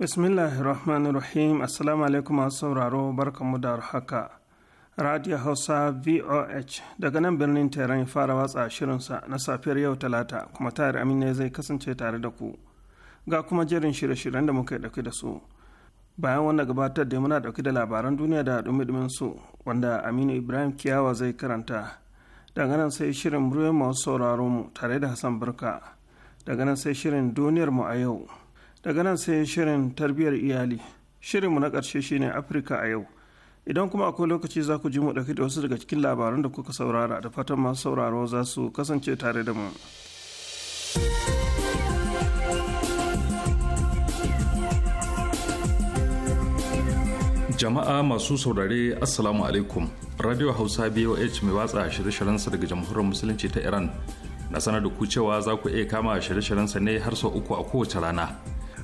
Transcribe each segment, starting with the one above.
Bismillahi rahim assalamu alaikum masu sauraro mu da haka radio hausa voh daga nan birnin tehran ya fara watsa shirinsa na safiyar yau talata kuma tare amina zai kasance tare da ku ga kuma jerin shirye-shiryen da muka dauke da su bayan wanda gabatar da muna dauke da labaran duniya da dumi su wanda aminu ibrahim kiyawa zai karanta daga nan sai shirin muryoyin masu sauraro mu tare da hassan burka daga nan sai shirin duniyar mu a yau daga nan sai shirin tarbiyyar iyali shirinmu na ƙarshe shine afirka a yau idan kuma akwai lokaci za ku ji mu ɗauki da wasu daga cikin labaran da kuka saurara da fatan masu sauraro za su kasance tare da mu jama'a masu saurare assalamu alaikum radio hausa boh mai watsa shirye-shiryensa daga jamhuriyar musulunci ta iran na sanar da ku cewa za ku iya kama shirye-shiryensa ne har sau uku a kowace rana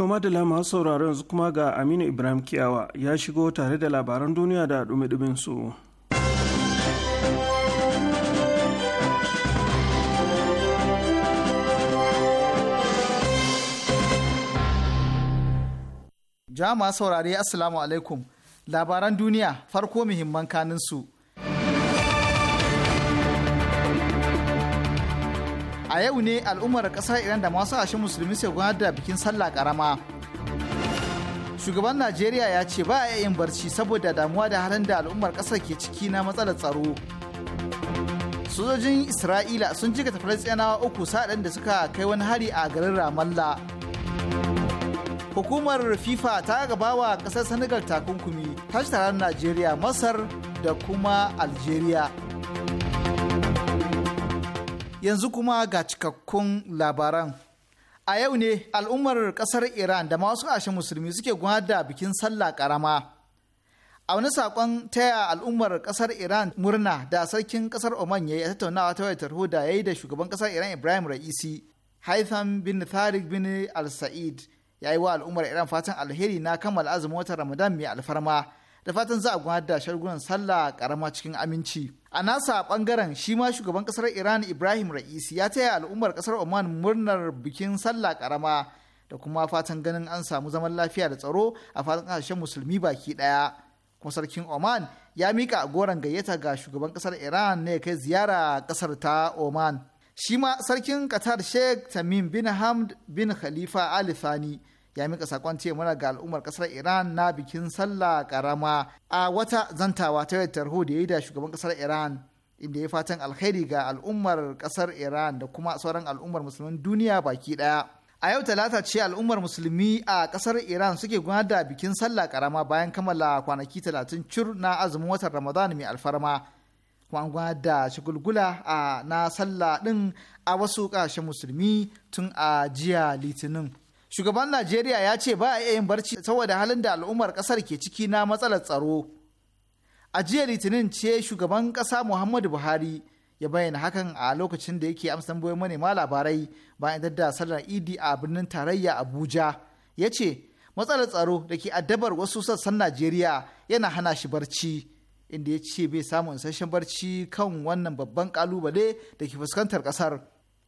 To madala masu sauraron yanzu kuma ga Aminu Ibrahim Kiyawa ya shigo tare da labaran duniya da dumi su. Jama'a saurari 'asalamu alaikum labaran duniya farko muhimman kanin su. a yau ne al'ummar ƙasar iran da masu ashen musulmi sai gudanar da bikin sallah karama shugaban najeriya ya ce ba a yin barci saboda damuwa da halin da al'ummar ƙasar ke ciki na matsalar tsaro sojojin isra'ila sun jika tafilar tsanawa uku sa'adin da suka kai wani hari a garin ramallah hukumar fifa ta gaba wa ƙasar senegal takunkumi tashi taron najeriya masar da kuma algeria Yanzu kuma ga cikakkun labaran. A yau ne al'ummar ƙasar Iran da masu ashe musulmi suke gwada bikin sallah ƙarama. A wani saƙon taya al'ummar ƙasar Iran murna da sarkin ƙasar Oman ya yi tattaunawa ta wayar da ya da shugaban ƙasar Iran Ibrahim Ra'isi, Haitham bin Tariq bin Al-Sa'id ya yi wa al'ummar Iran fatan alheri na kammala azumin watan Ramadan mai alfarma da fatan za a gwada shagunan sallah ƙarama cikin aminci. a nasa bangaren shi ma shugaban kasar iran ibrahim ra'isi ya taya al'ummar kasar oman murnar bikin sallah karama da kuma fatan ganin an samu zaman lafiya da tsaro a fatan kasashen musulmi baki daya kuma sarkin oman ya mika goron gayyata ga shugaban kasar iran ne kai ziyara kasar ta oman shi ma sarkin qatar sheikh tamim bin hamd bin khalifa ali thani ya mika sakon ce muna ga al'ummar kasar iran na bikin sallah karama a wata zantawa ta yadda tarho da ya yi da shugaban ƙasar iran inda ya fatan alkhairi ga al'ummar kasar iran da kuma sauran al'ummar musulmin duniya baki ɗaya. a yau talata ce al'ummar musulmi a ƙasar iran suke gudanar da bikin sallah karama bayan kammala kwanaki talatin cur na azumin watan ramadan mai alfarma kuma an gudanar da shugulgula a na sallah din a wasu kasashen musulmi tun a jiya litinin shugaban najeriya ya ce ba a iya yin barci saboda halin da al'ummar kasar ke ciki na matsalar tsaro a jiya litinin ce shugaban kasa muhammadu buhari ya bayyana hakan a lokacin da yake amsan boye manema labarai bayan da sallar idi a birnin tarayya abuja ya ce matsalar tsaro da ke addabar wasu sassan najeriya yana hana shi barci inda ya ce bai samun isasshen barci kan wannan babban kalubale da ke fuskantar kasar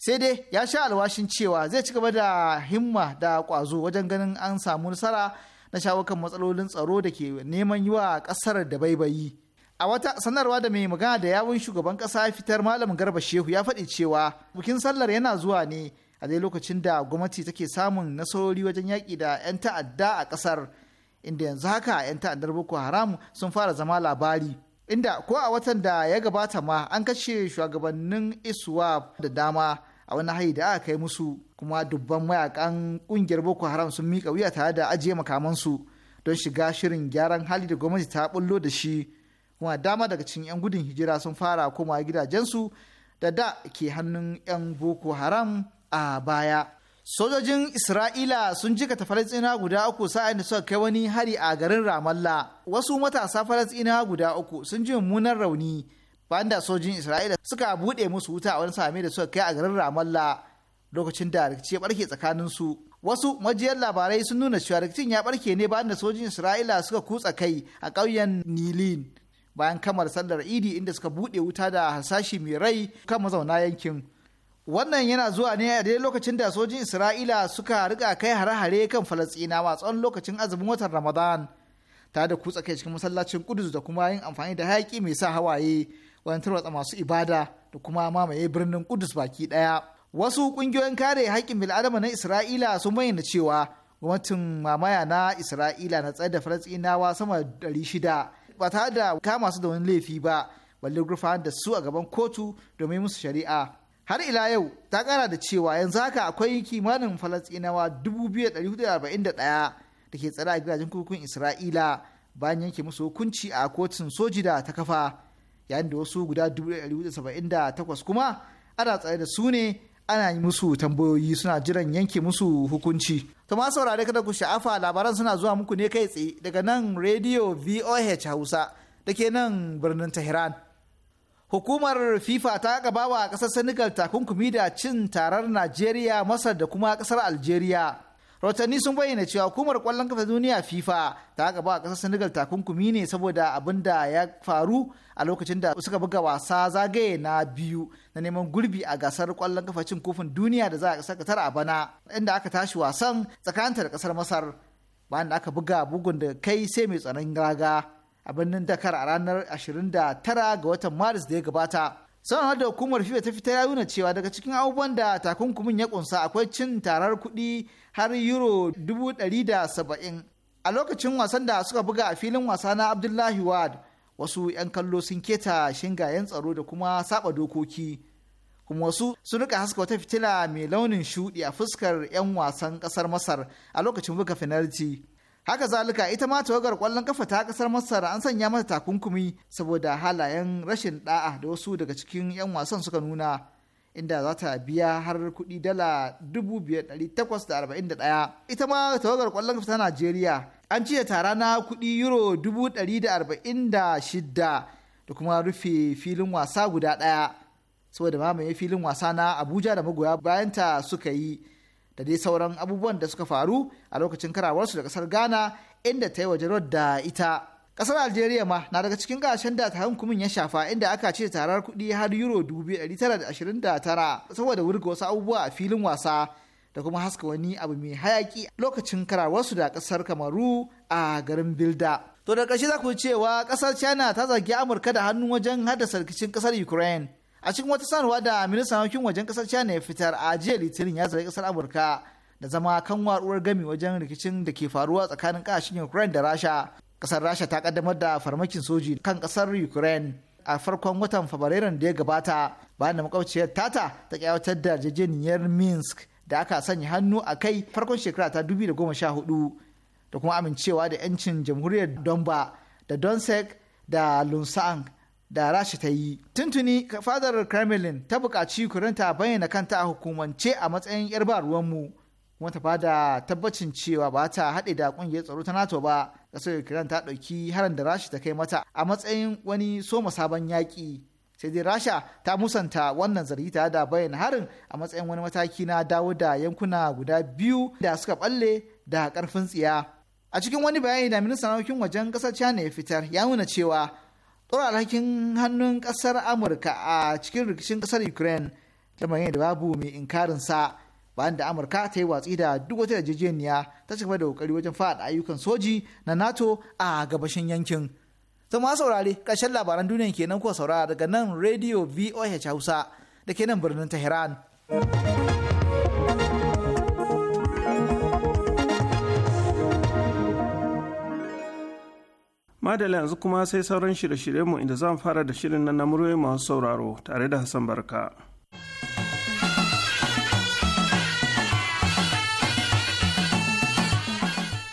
sai dai ya sha alwashin cewa zai ci gaba da himma da kwazo wajen ganin an samu nasara na shawakan matsalolin tsaro da ke neman yi wa kasar da baibayi a wata sanarwa da mai magana da yawun shugaban kasa fitar malam garba shehu ya faɗi cewa bukin sallar yana zuwa ne a dai lokacin da gwamnati take samun nasarori wajen yaƙi da 'yan ta'adda a ƙasar inda yanzu haka 'yan ta'addar boko haram sun fara zama labari inda ko a watan da ya gabata ma an kashe shugabannin iswap da dama a wani hayi da aka kai musu kuma dubban mayakan kungiyar boko haram sun mika wuya tare da ajiye makamansu don shiga shirin gyaran hali da gwamnati ta bullo da shi kuma dama daga cikin 'yan gudun hijira sun fara komawa gidajensu da da ke hannun 'yan boko haram a baya sojojin isra'ila sun jika ta falastina guda uku sa'ayin da suka kai wani hari a garin ramallah wasu matasa falastina guda uku sun ji mummunan rauni bayan da sojin isra'ila suka buɗe musu wuta a wani sami da suka kai a garin ramallah lokacin da rikici ya barke tsakanin su wasu majiyar labarai sun nuna cewa rikicin ya barke ne bayan da sojin isra'ila suka kutsa kai a ƙauyen nilin bayan kamar sallar idi inda suka buɗe wuta da harsashi mai rai kan mazauna yankin wannan yana zuwa ne a daidai lokacin da sojin isra'ila suka riga kai hare-hare kan falastinawa tsawon lokacin azumin watan ramadan Ta da kutsa kai cikin masallacin kudus da kuma yin amfani da hayaki mai sa hawaye wajen masu ibada da kuma mamaye birnin Kudus baki ɗaya. Wasu ƙungiyoyin kare haƙƙin bil'adama na Isra'ila sun bayyana cewa gwamnatin mamaya na Isra'ila na tsaye da Falasɗinawa sama da ɗari shida ba tare da kama su da wani laifi ba balle gurfan da su a gaban kotu domin musu shari'a. Har ila yau ta kara da cewa yanzu haka akwai kimanin Falasɗinawa biyu da ke tsare a gidajen kurkukun Isra'ila bayan yanke musu hukunci a kotun soji da ta kafa. yayin da wasu guda 178 kuma ana tsaye da su ne ana yi musu tambayoyi suna jiran yanke musu hukunci. To ma saurare kada ku sha'afa labaran suna zuwa muku ne kai tsaye daga nan rediyo VOH Hausa da ke nan birnin Tehran. Hukumar FIFA ta gabawa wa ƙasar Senegal takunkumi da cin tarar Najeriya, Masar da kuma ƙasar Algeria. rahotanni sun bayyana cewa hukumar kwallon kafa duniya fifa ta gaba a kasar senegal takunkumi ne saboda abin da ya faru a lokacin da suka buga wasa zagaye na biyu na neman gurbi a gasar kwallon kafa cin kofin duniya da za a kasar katar a bana inda aka tashi wasan tsakanin da kasar masar bayan da aka buga bugun da kai sai mai tsaron raga a birnin dakar a ranar 29 ga watan maris da ya gabata sanar da hukumar fifa ta fita ya nuna cewa daga cikin abubuwan da takunkumin ya kunsa akwai cin tarar kuɗi har euro 170 a lokacin wasan da suka buga a filin wasa na abdullahi wad wasu 'yan kallo sun keta shingayen tsaro da kuma saba dokoki kuma wasu sun rika haska wata fitila mai launin shuɗi a fuskar 'yan wasan ƙasar masar a lokacin buga fenalti haka zalika ita ma tawagar kwallon kafa ta kasar masar an sanya mata takunkumi saboda halayen rashin da'a da wasu daga cikin 'yan wasan suka nuna inda za ta biya har kuɗi dala 5,841 ita ma tawagar kwallon kafa ta najeriya an ciye tara na kuɗi euro 146 da kuma rufe filin wasa guda ɗaya saboda mamaye filin wasa na abuja da magoya bayanta suka yi da dai sauran abubuwan da suka faru a lokacin karawarsu da ƙasar ghana inda ta yi waje da ita kasar algeria ma na daga cikin gashen da tarin kumin ya shafa inda aka ce tarar kudi har euro tara saboda wurga wasu abubuwa a filin wasa da kuma haska wani abu mai hayaki lokacin karawarsu da kasar kamaru a garin bilda to da ƙarshe za ku cewa kasar china ta zargi amurka da hannu wajen haddasa rikicin kasar ukraine a cikin wata sanarwa da ministan harkokin wajen kasar china ya fitar a jiya litinin ya zargi kasar amurka da zama kan waruwar gami wajen rikicin da ke faruwa tsakanin kasashen ukraine da rasha kasar rasha ta kaddamar da farmakin soji kan kasar ukraine a farkon watan fabrairun da ya gabata bayan da makwabciyar tata ta kyawatar da yarjejeniyar minsk da aka sanya hannu a kai farkon shekara ta 2014 da kuma amincewa da 'yancin jamhuriyar donba da donsek da lunsang da rasha ta yi tuntuni fadar kremlin ta bukaci buƙaci ta bayyana kanta a hukumance a matsayin yar ba ruwanmu kuma ta bada tabbacin cewa ba ta haɗe da ƙungiyar tsaro ta nato ba kasar ukraine ta ɗauki harin da rasha ta kai mata a matsayin wani soma sabon yaƙi sai dai rasha ta musanta wannan zargi ta da bayan harin a matsayin wani mataki na dawo da yankuna guda biyu da suka balle da karfin tsiya a cikin wani bayani da ministan harkokin wajen kasar china ya fitar ya nuna cewa tsoron alhakin hannun kasar amurka a cikin rikicin kasar ukraine lamarin da babu mai inkarin sa bayan da amurka ta yi watsi da duk wata yarjejeniya ta cigaba da kokari wajen faɗa ayyukan soji na nato a gabashin yankin zama saurare ƙarshen labaran duniya kenan kuwa saurara daga nan radio voh hausa da ke nan birnin tehran madala yanzu kuma sai sauran shirye-shiryenmu inda zan fara da shirin na namurai masu sauraro tare da hassan barka.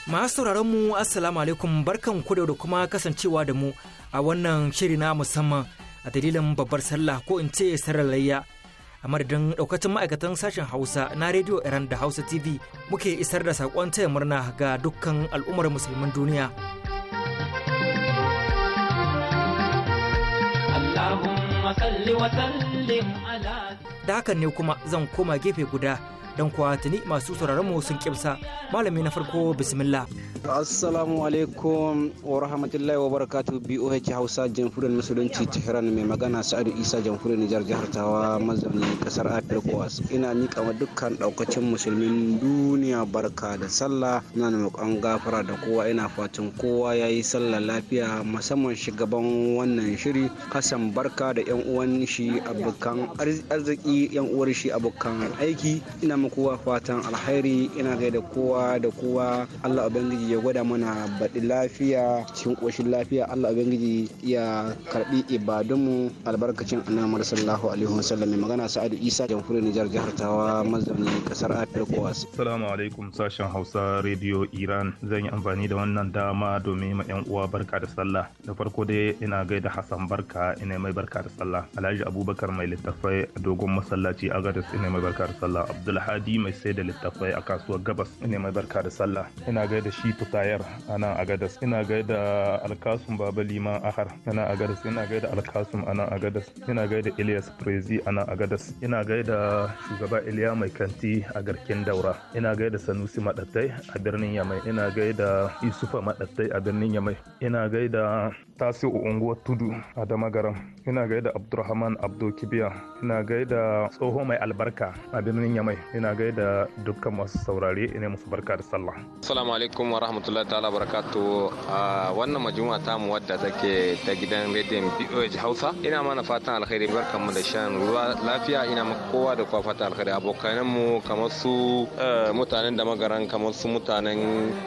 Masu mu Assalamu alaikum barkan ku da kuma kasancewa da mu a wannan shiri na musamman a dalilin babbar sallah ko in ce sararlayya a madadin ɗaukacin ma'aikatan sashen Hausa na rediyo Iran da Hausa TV muke isar da saƙon taya murna ga dukkan al'ummar musulmin duniya. Da hakan ne kuma zan koma gefe guda dan kuwa tuni masu sauraron mu sun kimsa malami na farko bismillah assalamu alaikum wa rahmatullahi wa barakatuh BOH Hausa jamhuriyar musulunci Tehran mai magana Sa'adu Isa jamhuriyar Nijar jihar Tawa mazauni kasar Afirkos ina nika ma dukkan daukacin musulmin duniya barka da sallah ina roƙon gafara da kowa ina fatan kowa yayi sallah lafiya musamman shugaban wannan shiri Hassan Barka da yan uwan shi abokan arziki yan uwar shi abokan aiki ina kowa fatan alheri ina gaida kowa da kowa Allah ubangiji ya gwada mana baɗi lafiya cikin ƙoshin lafiya Allah ubangiji ya karɓi ibadunmu albarkacin annabi sallallahu alaihi wasallam magana Sa'adu Isa jamhuriyar Nijar jihar Tawa mazauni kasar Afirka wasu. Assalamu alaikum sashen Hausa rediyo Iran zan yi amfani da wannan dama domin ma yan uwa barka da sallah da farko dai ina gaida Hassan barka ina mai barka da sallah Alhaji Abubakar mai littafai a dogon masallaci agadis ina mai barka da sallah Abdulhaji Ladi mai sai da littafai a kasuwar gabas ina mai barka da sallah ina gaida shi tutayar a nan a gadas ina gaida alkasum baba liman ahar a nan a gadas ina gaida alkasum a nan a gadas ina gaida ilyas prezi a nan a gadas ina gaida shugaba iliya mai kanti a garkin daura ina gaida sanusi madattai a birnin yamai ina gaida isufa madattai a birnin yamai ina gaida tasiu unguwar tudu a damagaram ina gaida abdurrahman abdo kibiya ina gaida tsoho mai albarka a birnin yamai ina ina gai da dukkan masu saurare ina musu barka da sallah assalamu alaikum wa rahmatullahi ta'ala barakatu wannan majuma ta mu wadda take ta gidan rediyon BOH Hausa ina mana fatan alkhairi barkan mu da shan ruwa lafiya ina maka kowa da kowa fatan alkhairi abokanan mu kamar su eh, mutanen da magaran kamar su mutanen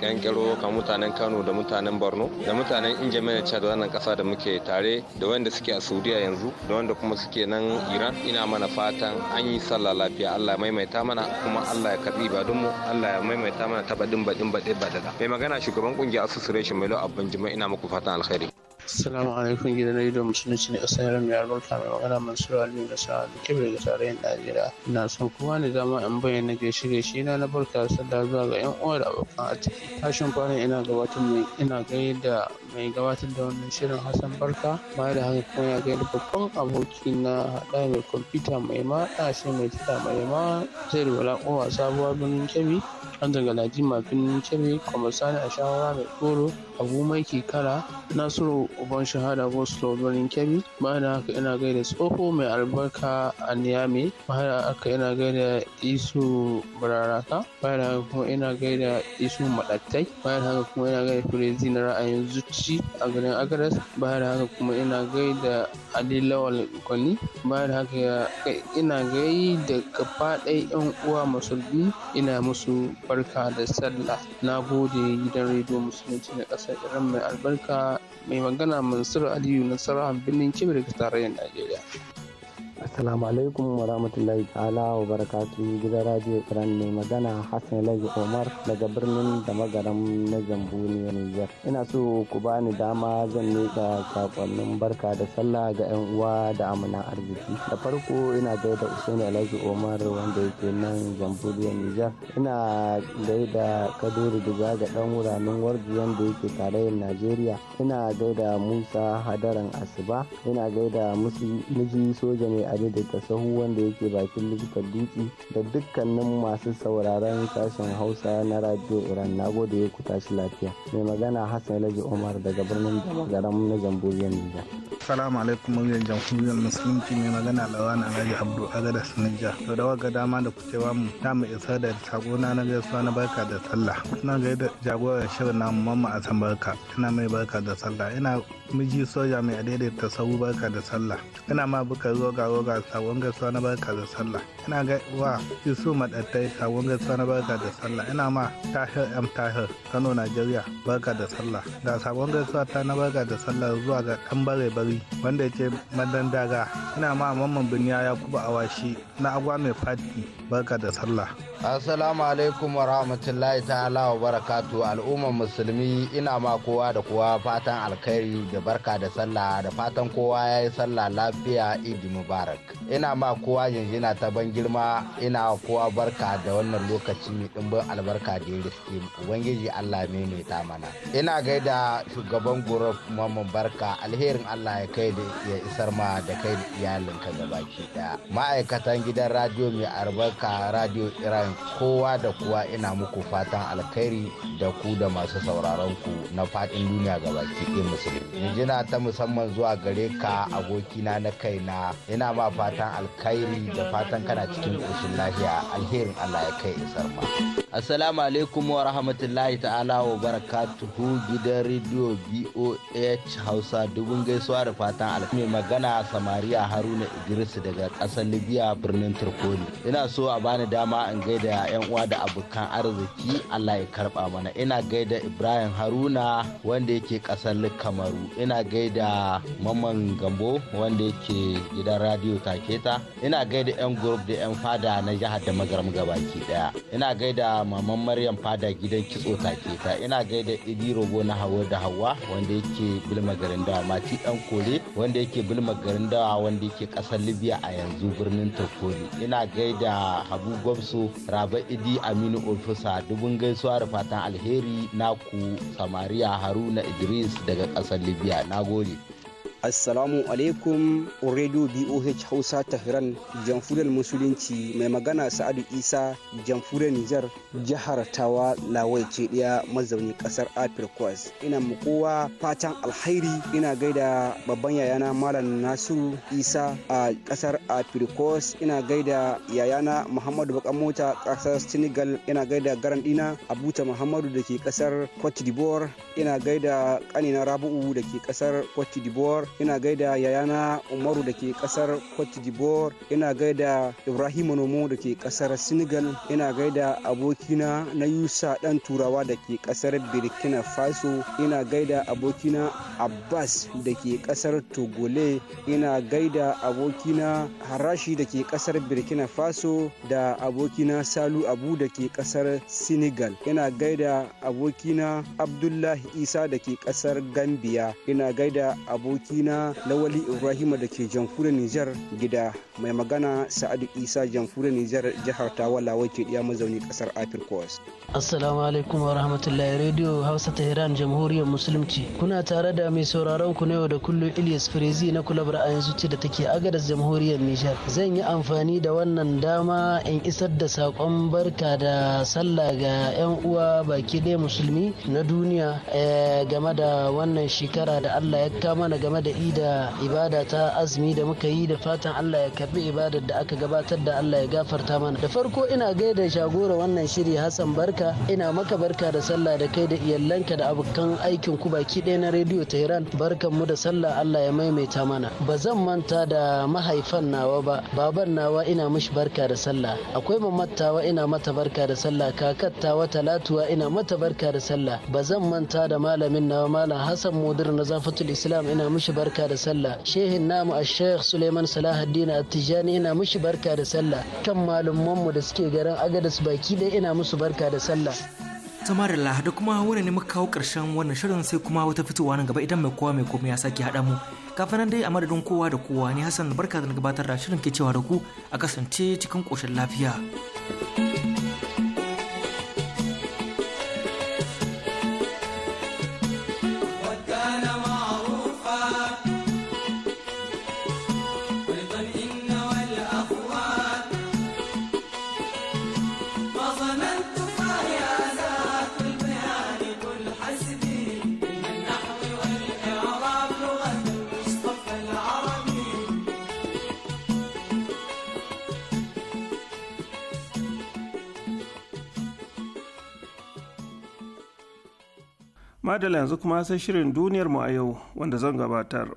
Kankero kamar mutanen Kano da mutanen Borno da mutanen Injamena Chad wannan kasa da muke tare da wanda suke a Saudiya yanzu da wanda kuma suke nan Iran ina mana fatan an yi sallah lafiya Allah maimaita mana bana kuma Allah ya karbi mu. Allah ya maimaita mana ta badin badin badin badada mai magana shugaban kungiyar association mai lau abban jima'a ina muku fatan alkhairi Assalamu alaikum gidan rediyon musulunci ne ƙasar mai ta mai magana Mansur Ali da da Kibir da tarayyar Najeriya. Ina son kowa ne dama in bayyana shirya shi na na barka da zuwa ga 'yan uwa da abokan ciki Tashin kwanan ina gabatar mai ina da. mai gabatar da wannan shirin Hassan Barka baya da haka kuma ya gaida babban aboki na haɗa mai kwamfuta mai ma shi mai tsada mai ma zai rubala kowa sabuwa birnin Kebbi an ma birnin Kebbi kuma sani a shawara mai tsoro, abu mai ke kara nasiru uban shahada boslo birnin Kebbi baya da haka ina gaida tsoho mai albarka a niyami, baya da haka ina gaida Isu Bararaka baya da haka kuma ina gaida Isu Maɗattai baya da haka kuma ina gaida Firezi na ra'ayin zuci Bauchi a garin agaras, baya da haka kuma ina gaida Ali Lawal Kwani baya da haka ina gaida gaba ɗaya 'yan uwa musulmi ina musu barka da sallah na gode gidan rediyo musulunci na ƙasar Iran mai albarka mai magana Mansur Aliyu Nasarar birnin Kebbi daga tarayyar Najeriya. Assalamu alaikum wa rahmatullahi ta'ala wa barakatun gida radio Iran mai magana Hassan Laji Omar daga birnin da magaram na a Nijar. Ina so ku bani dama zan nika sakonnin barka da sallah ga 'yan uwa da amina arziki. Da farko ina gaida Usaini Alhaji Omar wanda yake nan a Nijar. Ina gaida Kaduri Duga ga dan wuranin Warji wanda yake tarayyar Najeriya. Ina gaida Musa Hadaran Asiba Ina gaida Musi Miji Soja ne tare da kasahu wanda yake bakin likitan dutse da dukkanin masu sauraron sashen hausa na radio iran na gode ya kuta shi lafiya mai magana hassan laji umar daga birnin garam na jamhuriyar nija salamu alaikum muryar jamhuriyar musulunci mai magana lawana Alhaji Abdul Agada Sinija. To da waka dama da kuke ba mu ta mu isa da sako na gaisuwa na barka da sallah. Ina ga da jagorar shirin namu mamma a san barka. Ina mai barka da sallah. Ina miji soja mai adaidaita sahu barka da sallah. Ina ma buka zo ga ga sabon gaisuwa na barka da sallah. Ina ga wa Isu Madattai sabon gaisuwa na barka da sallah. Ina ma Tahir M Tahir Kano Najeriya barka da sallah. Ga sabon gaisuwa ta na barka da sallah zuwa ga dan bare bari wanda ce madan daga. Ina ma mamman ya kuba Awashi na agwa mai fati barka da sallah. Assalamu alaikum wa rahmatullahi ta'ala wa barakatu al'ummar musulmi ina ma kowa da kowa fatan alkhairi da barka da sallah da fatan kowa ya yi sallah lafiya idi mubarak. mubarak ina ma kowa yanzu yana ta ban girma ina kowa barka da wannan lokaci mai dimbin albarka da ya riske ubangiji allah ta mana ina gaida shugaban guruf mamman barka alherin allah ya kai da ya isar ma da kai da iyalinka gabaki daya ma'aikatan gidan radio mai albarka radio iran kowa da kowa ina muku fatan alkhairi da ku da masu sauraron ku na fadin duniya gabaki ɗin musulmi yanzu na ta musamman zuwa gare ka abokina na kaina ina ma ma fatan alkhairi da fatan kana cikin ƙoshin lafiya alherin Allah ya kai isar ma. Assalamu alaikum wa rahmatullahi ta'ala wa barakatuhu gidan rediyo BOH Hausa dubun gaisuwa da fatan alkhairi magana Samariya Haruna Idris daga ƙasar Libya birnin Tripoli. Ina so a bani dama in gaida yan uwa da abokan arziki Allah ya karba mana. Ina gaida Ibrahim Haruna wanda yake ƙasar Kamaru. Ina gaida mamman Gambo wanda yake gidan radio aliyu taketa ina gaida yan group da yan fada na jihar da magaram gabaki daya ina gaida maman maryam fada gidan kitso taketa ina gaida idi rogo na hawa da hawa wanda yake bilma garin dawa mati dan kore wanda yake bilma garin dawa wanda yake kasar libya a yanzu birnin tokoli ina gaida habu gwamso raba idi aminu ofisa dubun gaisuwa da fatan alheri naku samariya haruna idris daga kasar libya na Assalamu alaikum Radio BOH Hausa Tehran Jamfuran Musulunci mai magana Sa'adu Isa Jamhuriyar Nijar jihar Tawa Lawai ce ɗaya mazauni ƙasar Afirkwas. Ina mu kowa fatan alhairi ina gaida babban yayana Malam Nasiru Isa a ƙasar Afirkwas ina gaida yayana Muhammadu Bakan Mota ƙasar Senegal ina gaida garan ɗina Abuta Muhammadu da ke ƙasar Cote d'Ivoire ina gaida ƙanina Rabu'u da ke ƙasar Cote d'Ivoire ina gaida yayana umaru da ke kasar cote d'ivoire ina gaida ibrahim nomo da ke kasar senegal ina gaida abokina na yusa dan turawa da ke kasar burkina faso ina gaida abokina abbas da ke kasar togole ina gaida abokina harashi da ke kasar burkina faso da abokina salu abu da ke kasar senegal ina gaida abokina abdullahi isa da ke kasar gambia ina gaida abokina na Lawali Ibrahim da ke jamfura Nijar gida mai magana Sa'adu Isa jamfura Nijar jihar Tawala wake diya mazauni kasar Afirkos. Assalamu alaikum wa rahmatullahi Radio Hausa Tehran jamhuriyar Musulunci. Kuna tare da mai sauraron ku na yau da kullum Ilyas firizi na kulabar a yanzu ce da take agadar jamhuriyar Nijar. Zan yi amfani da wannan dama in isar da sakon barka da sallah ga 'yan uwa baki ɗaya musulmi na duniya eh, game da wannan shekara da Allah ya kama na game da yi da ibada ta azumi da muka yi da fatan Allah ya karbi ibadar da aka gabatar da Allah ya gafarta mana da farko ina gaida shagora wannan shiri Hassan Barka ina maka barka da sallah da kai da iyalanka da abokan aikin ku baki ɗaya na rediyo Tehran barkan mu da sallah Allah ya maimaita mana ba zan manta da mahaifan nawa ba baban nawa ina mishi barka da sallah akwai mamattawa ina mata barka da sallah kakattawa talatuwa ina mata barka da sallah ba zan manta da malamin nawa malam Hassan Mudir na Zafatul Islam ina mishi barka da sallah shehin namu a sheikh suleiman salahaddin tijjani ina mushi barka da sallah kan malumanmu da suke garin agadas baki ɗaya ina musu barka da sallah tama da kuma wani ne muka kawo karshen wannan shirin sai kuma wata fitowa na gaba idan mai kowa mai komai ya sake haɗa mu kafin nan dai a madadin kowa da kowa ne hassan barka da gabatar da shirin ke cewa da ku a kasance cikin koshin lafiya. madala yanzu kuma sai shirin duniyar mu a yau wanda zan gabatar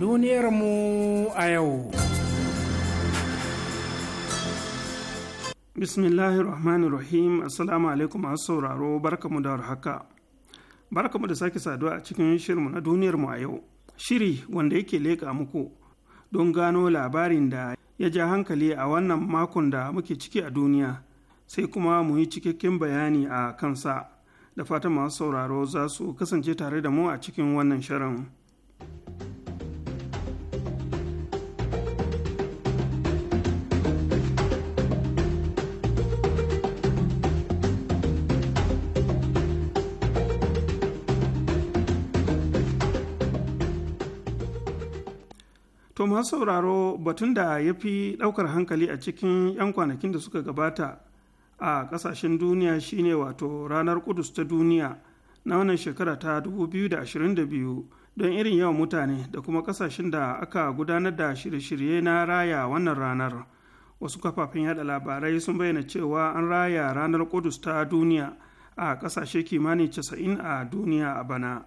duniyar mu a yau bismillahir rahmanir rahim assalamu alaikum masu sauraro barkamu da warhaka barkamu da sake saduwa a cikin shirmu na duniyar mu a yau shiri wanda yake leƙa muku don gano labarin da ya ja hankali a wannan makon da muke ciki a duniya sai kuma mu yi cikakken bayani a kansa da fata masu sauraro za su kasance tare da mu a cikin wannan shirin. masu sauraro batun da ya fi ɗaukar hankali a cikin 'yan kwanakin da suka gabata a ƙasashen duniya shine wato ranar kudus ta duniya na wannan shekara ta 2022 don irin yawan mutane da kuma ƙasashen da aka gudanar da shirye-shirye na raya wannan ranar wasu kafafen yada labarai sun bayyana cewa an raya ranar kudus ta duniya a ƙasashe kimanin 90 a duniya a bana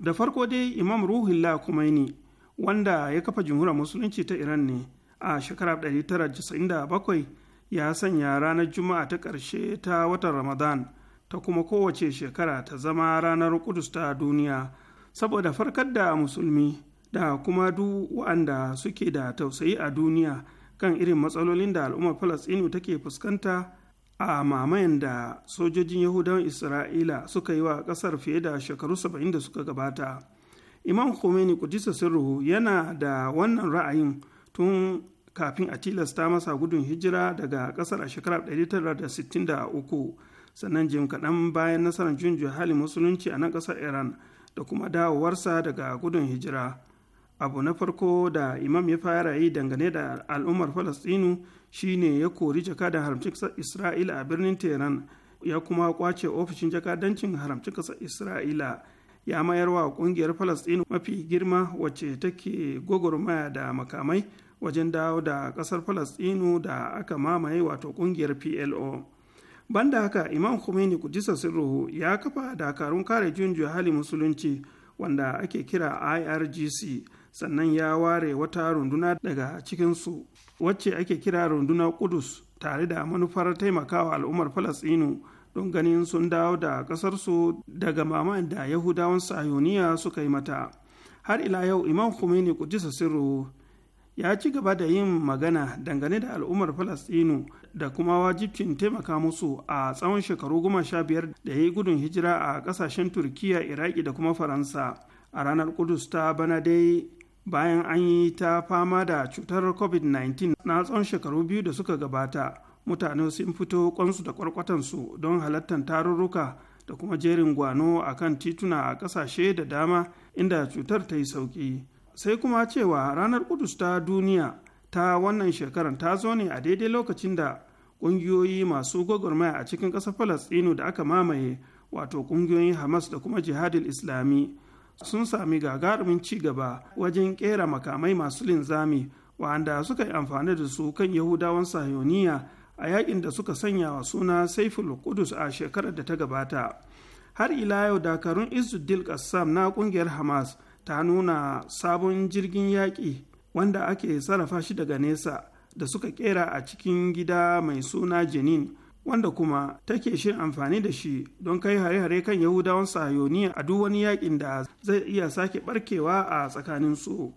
da farko dai imam ruhullah kumaini wanda ya kafa jumhuriyar musulunci ta iran ne a shekarar 1997 ya sanya ranar juma'a ta ƙarshe ta watan ramadan ta kuma kowace shekara ta zama ranar kudus ta duniya saboda farkar da musulmi da kuma duk wa'anda suke da tausayi a duniya kan irin matsalolin da al'ummar falastinu take fuskanta a mamayen da sojojin yahudawan isra'ila suka yi wa ƙasar fiye da shekaru 70 da suka gabata imam khomeini kudisa sirruhu yana da wannan ra'ayin tun kafin a tilasta masa gudun hijira daga kasar a shekarar 1963 sannan jim kaɗan bayan nasarar junjo halin musulunci a nan ƙasar iran da kuma dawowarsa daga gudun hijira abu na farko da imam ya fara yi dangane da al'ummar falastinu shine ya kori jakadan haramcin kasar isra'ila a birnin tehran ya kuma kwace ofishin jakadancin haramcin ƙasar isra'ila ya mayar wa kungiyar Falasɗinu mafi girma wacce take gwagwarmaya da makamai wajen dawo da ƙasar Falasɗinu da aka mamaye wato kungiyar PLO. Banda haka Imam Khomeini Kudisa Sirruhu ya kafa dakarun kare junjiya hali musulunci wanda ake kira IRGC sannan ya ware wata runduna daga cikinsu wacce ake kira runduna Kudus tare da manufar taimakawa al'ummar Falasɗinu don ganin sun dawo da ƙasarsu daga mama da yahudawan sayoniya suka yi mata har ila yau imam khomeini kudisa sirru ya ci gaba da yin magana dangane da al'ummar falastinu da kuma wajibcin taimaka musu a tsawon shekaru goma sha biyar da ya yi gudun hijira a kasashen turkiya iraki da kuma faransa a ranar kudus ta bana dai bayan an yi ta fama da cutar covid-19 na tsawon shekaru biyu da suka gabata mutane sun fito kwansu da kwarkwatansu don halartar tarurruka da kuma jerin gwano a kan tituna a ƙasashe da dama inda cutar ta yi sauƙi sai kuma cewa ranar kudus ta duniya ta wannan shekarar ta zo ne a daidai lokacin da ƙungiyoyi masu gwagwarmaya a cikin ƙasar falastinu da aka mamaye wato ƙungiyoyin hamas da kuma jihadin islami sun sami gagarumin ci gaba wajen ƙera makamai masu linzami wa'anda suka yi amfani da su kan yahudawan sahiyoniya a yakin da suka sanya wa suna saiful kudus a shekarar da ta gabata har ila yau dakarun izuddil kassam na kungiyar hamas ta nuna sabon jirgin yaƙi wanda ake sarrafa shi daga nesa da suka kera a cikin gida mai suna jenin wanda kuma take shi amfani da shi don kai hare-hare kan yahudawan sayoni a duk wani yakin da zai iya sake barkewa a tsakanin su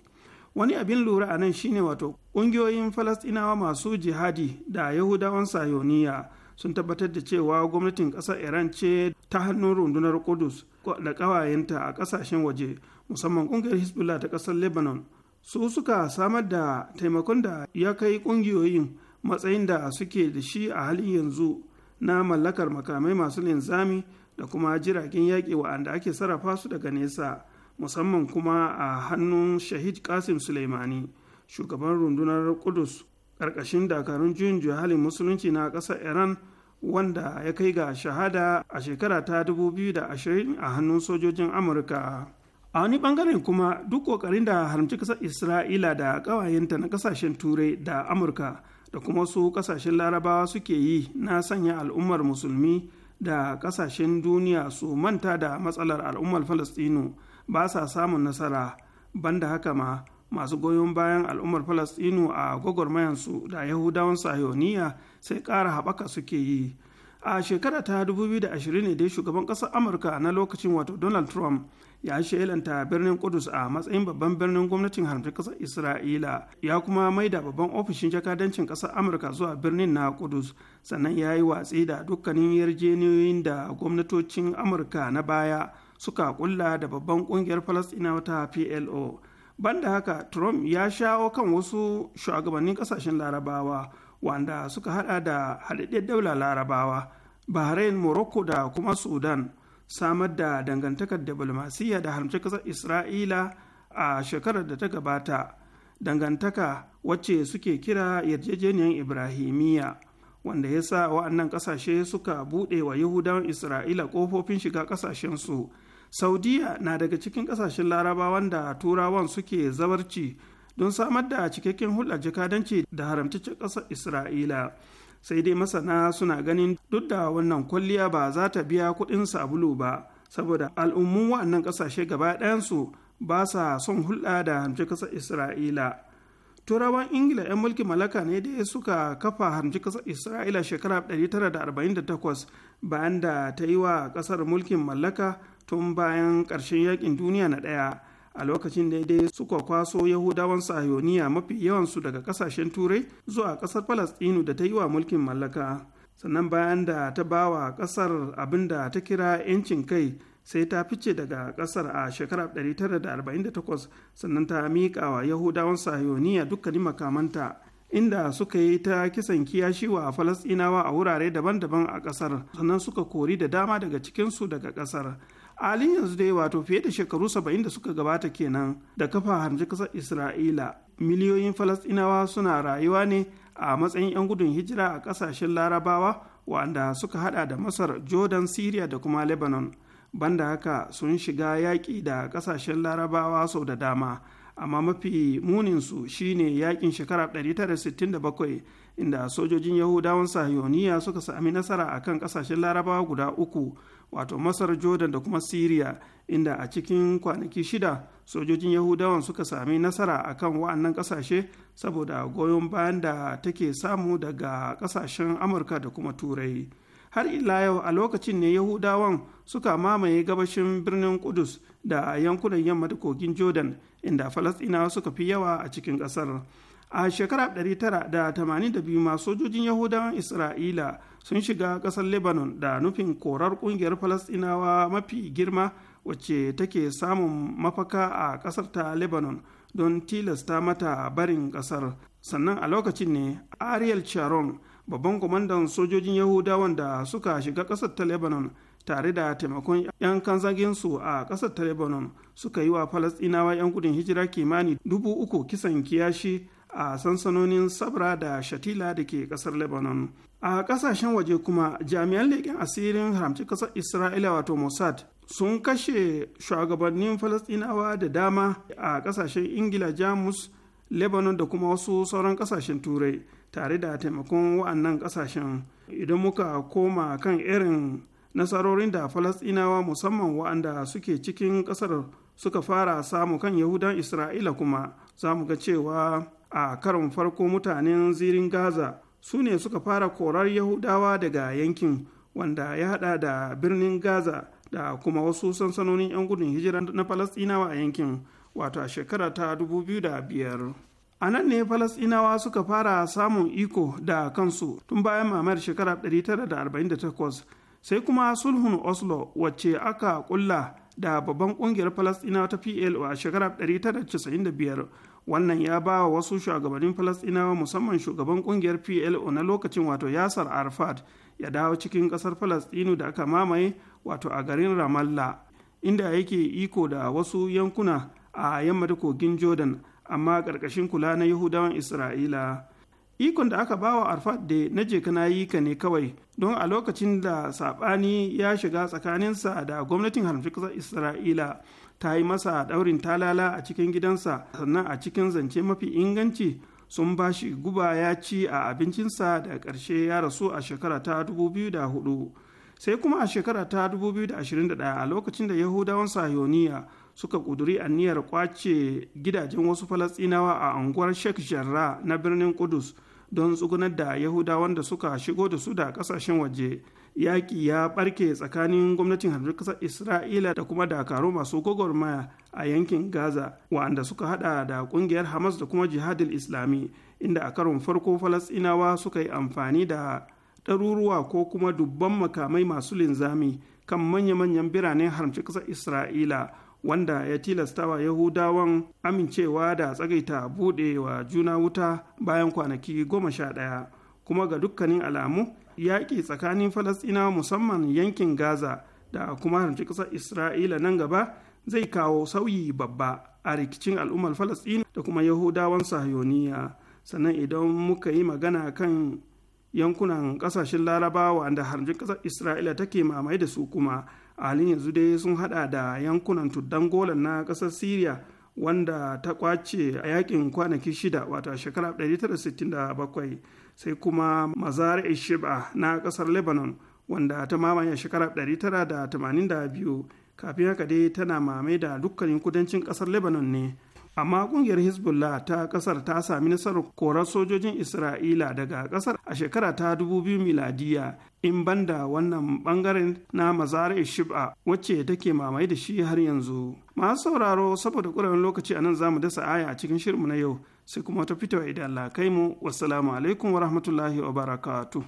wani abin lura a nan shine wato ƙungiyoyin falastinawa masu jihadi da yahudawan sayoniya sun tabbatar da cewa gwamnatin ƙasar iran ce ta hannun rundunar kudus da ƙawayenta a ƙasashen waje musamman ƙungiyar hezbollah ta ƙasar lebanon su suka samar da taimakon da ya kai ƙungiyoyin matsayin da suke da shi a halin yanzu na mallakar makamai masu linzami da kuma jiragen yaƙi wa'anda ake sarrafa su daga nesa musamman kuma a hannun shahid kasim suleimani shugaban rundunar kudus ƙarƙashin dakarun juyin juya halin musulunci na ƙasar iran wanda ya kai ga shahada a shekara ta 2020 a hannun sojojin amurka a wani bangaren kuma duk ƙoƙarin da haramci kasar isra'ila da ƙawayenta na ƙasashen turai da amurka da kuma su ƙasashen larabawa suke yi na sanya al'ummar musulmi da ƙasashen duniya su manta da matsalar al'ummar falastinu ba sa samun nasara banda haka ma masu goyon bayan al'ummar falastinu a gwagwarmayansu da yahudawan sayoniya sai ƙara haɓaka suke yi a shekara ta 2020 ne dai shugaban ƙasar amurka na lokacin wato donald trump ya shelanta birnin kudus a matsayin babban birnin gwamnatin haramta ƙasar isra'ila ya kuma mai da babban ofishin jakadancin ƙasar amurka zuwa birnin na kudus sannan ya yi watsi da dukkanin yarjejeniyoyin da gwamnatocin amurka na baya suka kulla da babban kungiyar falasɗinawa ta plo banda haka trump ya shawo kan wasu shugabannin kasashen larabawa wanda suka hada da haɗaɗɗen daular larabawa bahrain morocco da kuma sudan samar da dangantakar diplomasiyya da haramci ƙasar isra'ila a shekarar da ta gabata dangantaka wacce suke kira yarjejeniyar ibrahimiyya wanda ya sa wa'annan ƙasashe suka buɗe wa yahudawan isra'ila kofofin shiga ƙasashensu saudiya na daga cikin kasashen laraba wanda turawan suke zabarci don samar da cikakken hulɗar jakadanci da haramtaccen ƙasar isra'ila sai dai masana suna ganin duk da wannan kwalliya ba za ta biya kuɗin sabulu ba saboda al'ummun wa'annan ƙasashe gaba ɗayansu ba sa son hulɗa da haramci ƙasar isra'ila turawan ingila 'yan mulki malaka ne da suka kafa haramci ƙasar isra'ila shekara 1948 bayan da ta yi wa ƙasar mulkin mallaka tun bayan ƙarshen yakin duniya na ɗaya a lokacin da dai suka kwaso yahudawan sahiyoniya mafi yawansu daga ƙasashen turai zuwa ƙasar falastinu da ta yi wa mulkin mallaka sannan bayan da ta ba wa ƙasar abin da ta kira 'yancin kai sai ta fice daga ƙasar a shekarar 1948 sannan ta miƙa wa yahudawan sahiyoniya dukkanin makamanta inda suka yi ta kisan kiyashi wa falasɗinawa a wurare daban-daban a ƙasar sannan suka kori da dama daga cikinsu daga ƙasar a yanzu dai wato fiye da shekaru saba'in da suka gabata kenan da kafa harjin ƙasar isra'ila miliyoyin falasɗinawa suna rayuwa ne a matsayin 'yan gudun hijira a kasashen larabawa wanda suka hada da masar jordan syria da kuma lebanon banda haka sun shiga yaƙi da ƙasashen larabawa sau da dama amma mafi muninsu shine yaƙin shekara 1967 inda sojojin yahudawan sahiyoniya suka sami nasara akan ƙasashen larabawa guda uku wato masar jordan da kuma syria inda a cikin kwanaki shida sojojin yahudawan suka sami nasara a kan wa'annan kasashe saboda goyon bayan da take samu daga kasashen amurka da kuma turai har ila yau a lokacin ne yahudawan suka mamaye gabashin birnin kudus da yankunan yamma da kogin jordan inda falasɗinawa suka fi yawa a cikin ƙasar a shekarar 982 ma sojojin yahudawan isra'ila sun shiga kasar lebanon da nufin korar kungiyar falastinawa mafi girma wacce take samun mafaka a kasar ta lebanon don tilasta mata barin kasar sannan a lokacin ne ariel sharon babban kwamandan sojojin yahudawan da suka shiga kasar ta lebanon tare da taimakon 'yan kanzaginsu a kasar ta lebanon suka yi wa falasɗinawa 'yan gudun hijira kimani dubu uku kisan kiyashi a sansanonin sabra da shatila da ke kasar lebanon a kasashen waje kuma jami'an leƙen asirin haramci kasar isra'ila wato mossad sun kashe shugabannin falastinawa da dama a kasashen ingila jamus lebanon da kuma wasu sauran kasashen turai tare da taimakon wa'annan kasashen idan muka koma kan irin nasarorin da falastinawa musamman wa'anda suke cikin kasar suka fara samu kan yahudan isra'ila kuma za mu ga cewa a karon farko mutanen zirin gaza su ne suka fara korar yahudawa daga yankin wanda ya hada da birnin gaza da kuma wasu sansanonin 'yan gudun hijira na falasɗinawa a yankin wato a shekara ta 2005 a nan ne falasɗinawa suka fara samun iko da kansu tun bayan mamayar shekara 1948 sai kuma sulhun oslo wacce aka kulla da babban kungiyar falasɗinawa ta plo a shekara 1995 wannan ya ba wa wasu shugabannin falasɗinawa musamman shugaban ƙungiyar plo na lokacin wato yasar arfad ya dawo cikin ƙasar falasɗinu da aka mamaye wato a garin ramallah inda yake iko da wasu yankuna a yamma da kogin jordan amma ƙarƙashin kula na yahudawan isra'ila ikon da aka bawa arfad da na je na yi ka ne kawai don a lokacin da saɓani ya shiga tsakaninsa da gwamnatin harfi isra'ila ta yi masa ɗaurin talala a cikin gidansa sannan a cikin zance mafi inganci sun ba shi guba ya ci a abincinsa da ƙarshe ya rasu a shekara ta 2004 sai kuma a shekara ta 2021 a lokacin da yahudawan sayoniya suka ƙuduri aniyar kwace gidajen wasu falastinawa a unguwar sheikh jarra na birnin kudus don tsugunar da yahudawan da suka shigo da su da kasashen waje yaƙi ya ɓarke tsakanin gwamnatin hamdar ƙasar isra'ila da kuma dakaru masu gwagwarmaya a yankin gaza wa'anda suka hada da ƙungiyar hamas da kuma jihadin islami inda a karon farko falasɗinawa suka yi amfani da ɗaruruwa ko kuma dubban makamai masu linzami kan manya-manyan biranen haramci ƙasar isra'ila wanda ya tilastawa yahudawan amincewa da tsagaita buɗe wa juna wuta bayan kwanaki goma sha ɗaya kuma ga dukkanin alamu yaƙi tsakanin falasɗina musamman yankin gaza da kuma haramci ƙasar isra'ila nan gaba zai kawo sauyi babba a rikicin al'ummar falasɗin da kuma yahudawan sahiyoniya sannan idan muka yi magana kan yankunan ƙasashen larabawa da haramcin ƙasar isra'ila take mamaye da su kuma a halin yanzu dai sun hada da yankunan tuddan golan na ƙasar syria wanda ta kwace a yakin kwanaki shida wata shekara 1967 sai kuma mazar shiba na kasar lebanon wanda ta mamaye shekarar 1982 kafin haka dai tana mame da dukkanin kudancin kasar lebanon ne amma kungiyar hezbollah ta kasar ta sami nasarar korar sojojin isra'ila daga kasar a shekara ta 2000 miladiya in banda wannan bangaren na mazari shib'a wacce take mamaye da shi har yanzu masu sauraro saboda ƙuraren lokaci a nan zamu dasa aya a cikin shirinmu na yau sai kuma ta fito idan Allah kai mu wassalamu alaikum wa rahmatullahi wa barakatu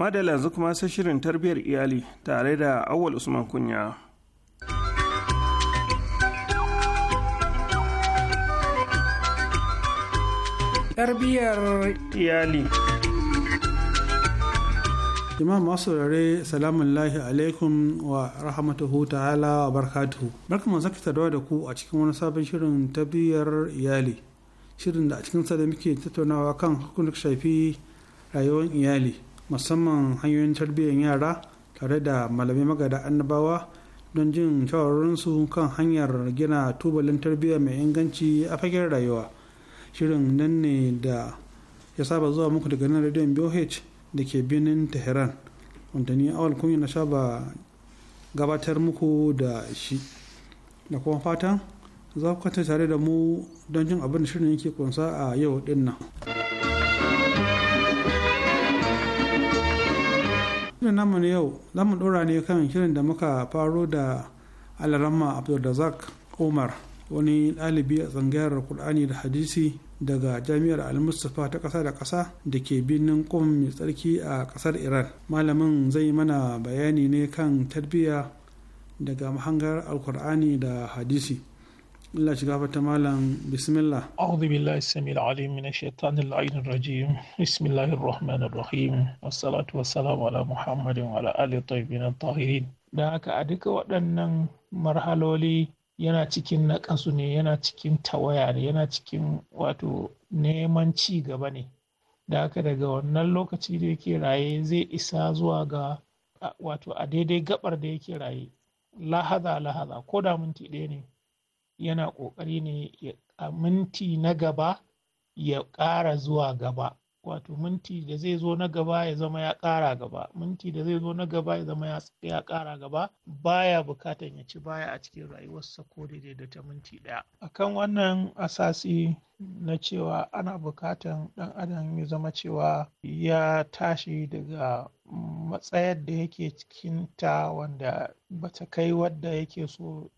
madala yanzu kuma sai shirin tarbiyyar iyali tare da awal usman kunya tarbiyyar iyali imam masu rare salamun lahi alaikum wa rahmatuhu ta'ala wa barkatuhu barkamu zaki tarwa da ku a cikin wani sabon shirin tabiyar iyali shirin da a cikin sa da muke tattaunawa kan hukunin shafi rayuwar iyali musamman hanyoyin tarbiyyar yara tare da malamai magada annabawa don jin su kan hanyar gina tubalin tarbiyya mai inganci a fagen rayuwa shirin nan ne da ya saba zuwa muku daga nan rediyon boh da ke binin tehran wanda ni awal kunya na saba gabatar muku da shi da kuma fatan za ku tare da mu don jin abin da shirin yake kunsa a yau din nan. shirin namu na yau za mu ɗora ne kan shirin da muka faro da alarama abdulrazak umar wani ɗalibi a tsangayar kur'ani da hadisi daga jami'ar al-mustapha ta ƙasa da ƙasa da ke birnin kum mai tsarki a ƙasar iran malamin zai mana bayani ne kan tarbiyya daga mahangar alkur'ani da hadisi Allah shiga fata malam bismillah. A'udhu billahi samil alim min shaitanir la'inir rajim. Bismillahir rahmanir rahim. Wassalatu wassalamu ala Muhammadin wa ala alihi tayyibin tahirin. Dan haka a duka waɗannan marhaloli yana cikin naƙasu ne yana cikin tawaya ne yana cikin wato neman ci gaba ne. Da haka daga wannan lokaci da yake raye zai isa zuwa ga wato a daidai gabar da yake raye. Lahaza lahaza ko da minti ɗaya ne yana ƙoƙari ne a minti na gaba ya ƙara zuwa gaba wato minti da zai zo na gaba ya zama ya ƙara gaba minti da zai zo na gaba ya zama ya ƙara gaba baya bukatan ya ci baya a cikin rayuwarsa ko daidai da ta minti ɗaya akan wannan asasi na cewa ana bukatan ɗan adam ya zama cewa ya tashi daga matsayar da yake cikinta wanda bata kai wadda yake so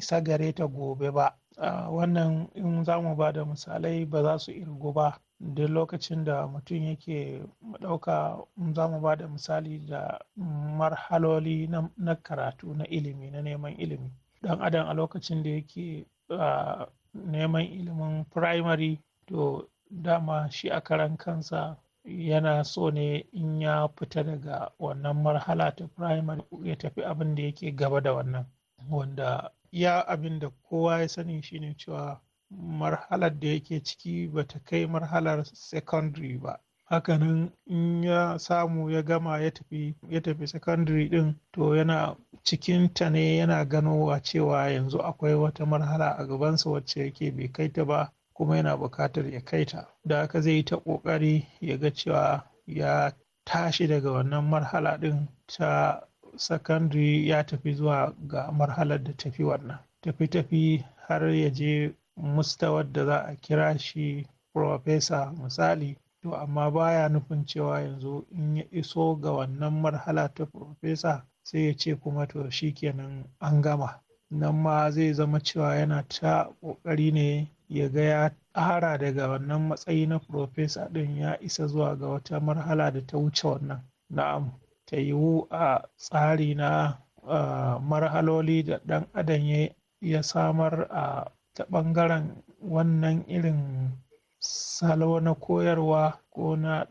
isa gare ta gobe ba A ah, wannan in za mu ba da misalai ba za su irgu ba duk lokacin da mutum yake ɗauka za mu ba da misali da marhaloli na karatu na ilimi na neman ilimi Dan adam a lokacin da yake ah, neman ilimin primary to dama shi a karan kansa yana so ne in ya fita daga wannan marhala ta primary ya tafi abin da yake gaba da wannan wanda ya abin da kowa ya sani shine cewa marhalar da yake ciki ba ta kai marhalar secondary ba hakanan in ya samu ya gama ya tafi sakandare secondary din to yana cikin ta ne yana gano ganowa cewa yanzu akwai wata marhala a gabansa wacce yake bai kai ta ba kuma yana bukatar ya kai ta da haka zai yi ta ƙoƙari ya ga cewa ya tashi daga wannan marhala din ta sakandare ya tafi zuwa ga marhalar da tafi wannan tafi-tafi har ya je mustawar da za a kira shi profesa misali to amma baya nufin cewa yanzu in ya iso ga wannan marhala ta profesa sai ya ce kuma to kenan an gama nan ma zai zama cewa yana ta ƙoƙari ne ya ga ya ƙara daga wannan matsayi na profesa ɗin ya isa zuwa ga wata marhala da ta wuce wannan na'am ta yiwu a tsari na marhaloli da ɗan adam ya samar a ta ɓangaren wannan irin salo na koyarwa ko na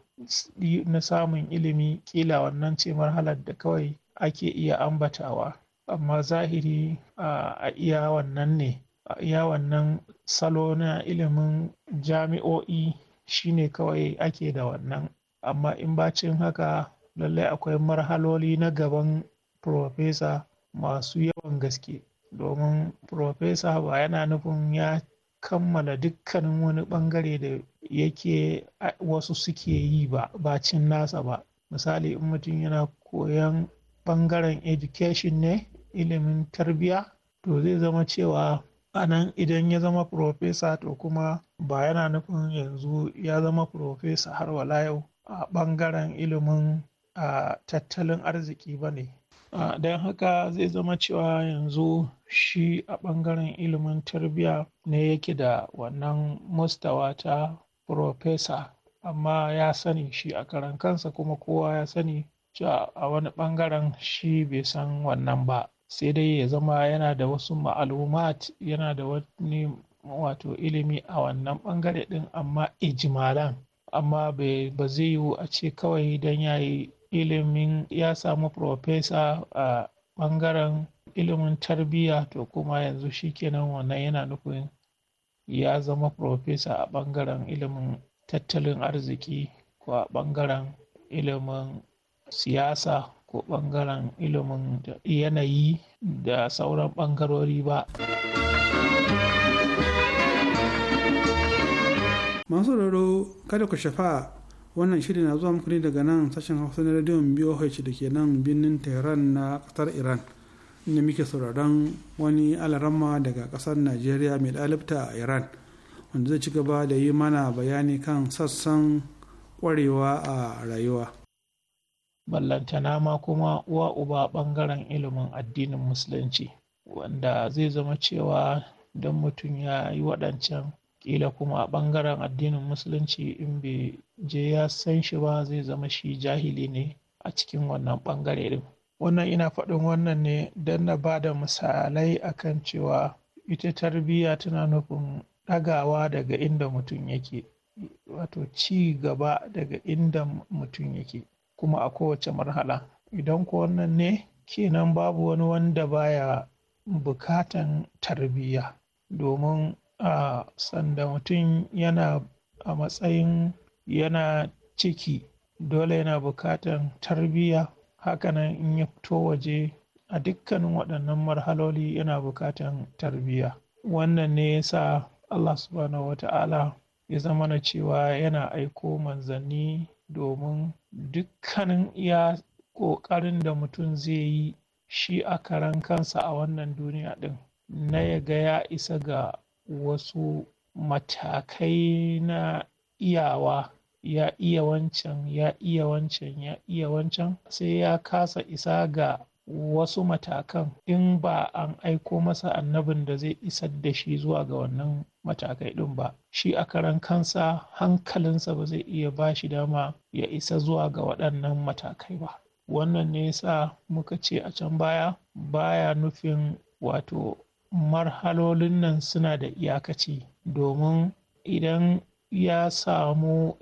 samun ilimi kila wannan ce marhalar da kawai ake iya ambatawa amma zahiri a iya wannan ne a iya wannan salo na ilimin jami'o'i shine kawai ake da wannan amma in bacin haka lallai akwai marhaloli na gaban profesa masu yawan gaske domin profesa ba yana nufin ya kammala dukkanin wani bangare da yake wasu suke yi ba cin nasa ba misali in mutum yana koyan bangaren education ne ilimin tarbiyya to zai zama cewa anan idan ya zama profesa to kuma ba yana nufin yanzu ya zama profesa har wala yau a bangaren ilimin a tattalin arziki ba ne don haka zai zama cewa yanzu shi a ɓangaren ilimin tarbiyya ne yake da wannan mustawa ta profesa amma ya sani shi a karan kansa kuma kowa ya sani cewa a wani ɓangaren shi bai san wannan ba sai dai ya zama yana da wasu ma'alumat yana da wani wato ilimi a wannan ɓangare ɗin amma ijimalan amma ba zai yiwu a ce kawai don ya yi ilimin ya samu profesa a bangaren ilimin tarbiyya to kuma yanzu shi kenan wannan yana nufin ya zama profesa a ɓangaren ilimin tattalin arziki ko a bangaren ilimin siyasa ko ɓangaren ilimin yanayi da sauran ɓangarori ba. masu raro kada ku shafa wannan shiri na zuwa muku ne daga nan sashen hausa na biyu boh da ke nan birnin tehran na kasar iran inda muke sauraron wani alarama daga kasar nigeria mai dalibta a iran wanda zai ci gaba da yi mana bayani kan sassan kwarewa a rayuwa ballantana ma kuma uwa uba bangaren ilimin addinin musulunci wanda zai zama cewa don mutum ya yi waɗancan kila kuma a ɓangaren addinin musulunci in bai je ya san shi ba zai zama shi jahili ne a cikin wannan ɓangare din wannan ina faɗin wannan ne don na ba da misalai akan cewa ita tarbiyya tana nufin ɗagawa daga inda mutum yake wato ci gaba daga inda mutum yake kuma a kowace marhala idan ko wannan ne kenan babu wani wanda baya bukatan tarbiyya domin a sanda mutum yana a matsayin yana ciki dole yana bukatan tarbiyya hakanan in ya fito waje a dukkanin waɗannan marhaloli yana bukatan tarbiyya wannan ne ya sa allah subhanahu wata'ala ya zama na cewa yana aiko manzanni domin dukkanin iya ƙoƙarin da mutum zai yi shi a karan kansa a wannan duniya ɗin na ya ga ya isa ga wasu matakai na iyawa ya iya wancan ya iya wancan ya iya wancan sai ya kasa isa ga wasu matakan in ba an aiko masa annabin da zai isar da shi zuwa ga wannan matakai ɗin ba shi a karan kansa hankalinsa ba zai iya ba shi dama ya isa zuwa ga waɗannan matakai ba wannan ne sa muka ce a can baya baya nufin wato marhalolin nan suna da iyakaci domin idan ya samu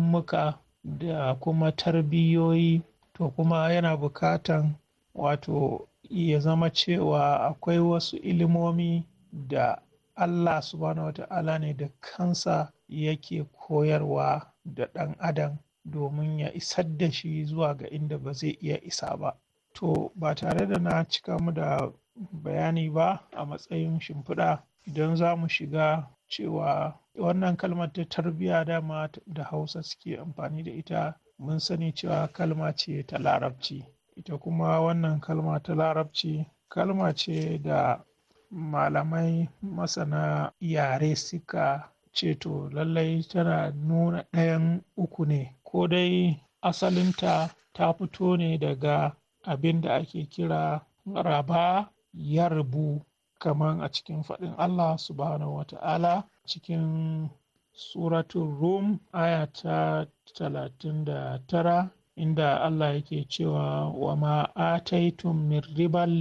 muka da kuma tarbiyyoyi to kuma yana bukatan wato ya zama cewa akwai wasu ilimomi da Allah subhanahu wa ta'ala ne da kansa yake koyarwa da ɗan adam domin ya isar da shi zuwa ga inda ba zai iya isa ba. To ba tare da na cika mu da bayani ba a matsayin shimfiɗa idan za mu shiga cewa wannan kalmar ta tarbiyya dama da hausa suke amfani da ita mun sani cewa kalma ce ta larabci ita kuma wannan kalma ta larabci kalma ce da malamai masana yare suka ce to lallai tana nuna ɗayan uku ne ko dai asalinta ta fito ne daga abin da ake kira raba ya rubu kamar a cikin faɗin Allah subhanahu wa ta'ala cikin suratun Rum aya ta talatin da tara inda Allah yake cewa wa ma ataitum min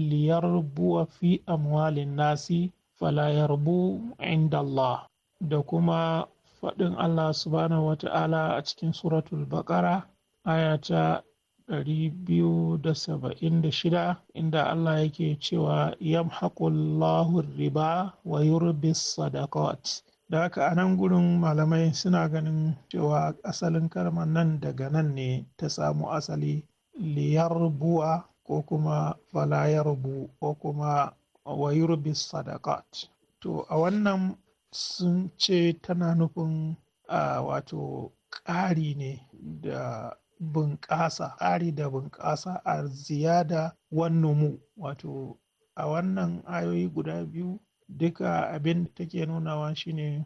liyar buwa fi amwalin nasi fala yarbu inda Allah da kuma faɗin Allah subhanahu wa ta'ala a cikin suratul baƙara aya ta 276 inda Allah yake cewa haƙullahu riba wa yurbis sadaqat da haka a nan gurin malamai suna ganin cewa asalin kalmar nan daga nan ne ta samu asali Liyar-buwa ko kuma Falayar-bu ko kuma wa yurbis sadaqat to a wannan sun ce tana nufin a wato ƙari ne da bunƙasa ƙari da bunƙasa a ziyada wannan mu wato a wannan ayoyi guda biyu duka abin da take nunawa shine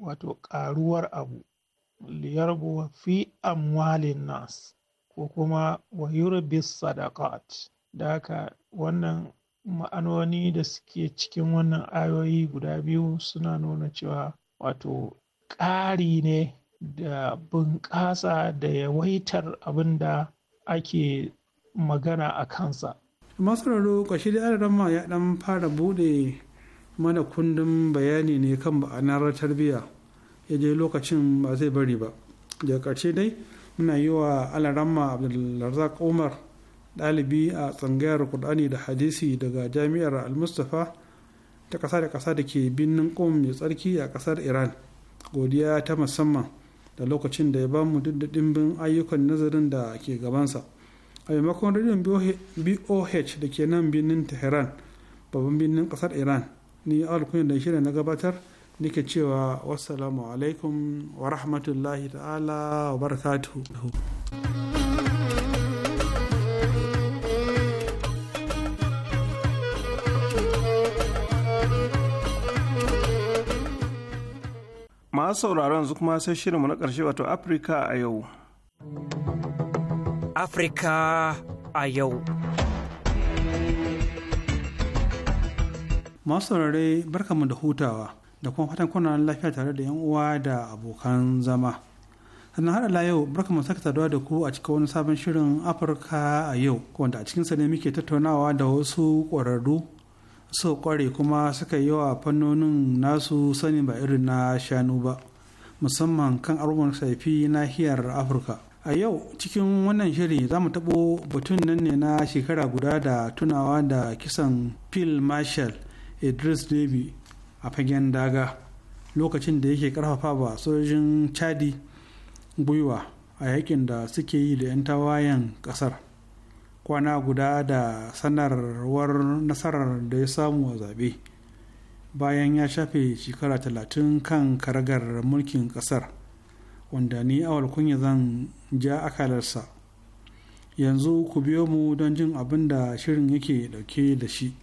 wato ƙaruwar abu liyarbu fi amwalin nas ko kuma wa yurbis sadaqat da haka wannan ma'anoni da suke cikin wannan ayoyi guda biyu suna nuna cewa wato ƙari ne da bunƙasa da yawaitar abin da ake magana a kansa. masu raro da ma ya ɗan fara bude mana kundin bayani ne kan ma'anar tarbiyya ya je lokacin ba zai bari ba daga ƙarshe dai muna yi wa alarama abdullarzak umar ɗalibi a tsangayar kudani da hadisi daga jami'ar Al-Mustapha ta ƙasa da ƙasa da ke binnin ƙom mai tsarki a ƙasar iran godiya ta musamman da lokacin da ya ba mu duk da ɗimbin ayyukan nazarin da ke gabansa a maimakon rediyon boh da ke nan birnin tehran babban birnin ƙasar iran ni alkunyar da shirin na gabatar nake cewa wassalamu alaikum wa rahmatullahi ta'ala wa barakatuhu masu sauraron yanzu kuma sai shirinmu na ƙarshe wato afirka a yau afirka a yau masu saurare barkamu da hutawa da kuma fatan kuna lafiya tare da yan uwa da abokan zama sannan har la yau barka saka saduwa da ku a cikin wani sabon shirin afirka a yau wanda a cikin cikinsa ne muke tattaunawa da wasu ƙwararru so kware kuma suka yi wa fannonin nasu sani ba irin na shanu ba musamman kan abubuwan saifi nahiyar afirka a yau cikin wannan shiri za mu taɓo batun nan ne na shekara guda da tunawa da kisan phil marshall idris Debi" a fagen daga lokacin da yake karfafa ba sojojin chadi gwiwa a yakin da suke yi da 'yan tawayen kasar kwana guda da sanarwar nasarar da ya samu a zaɓe bayan ya shafe shekara talatin kan karagar mulkin ƙasar wanda ni awal kunya zan ja akalarsa yanzu ku biyo mu don jin abin da shirin yake ɗauke da shi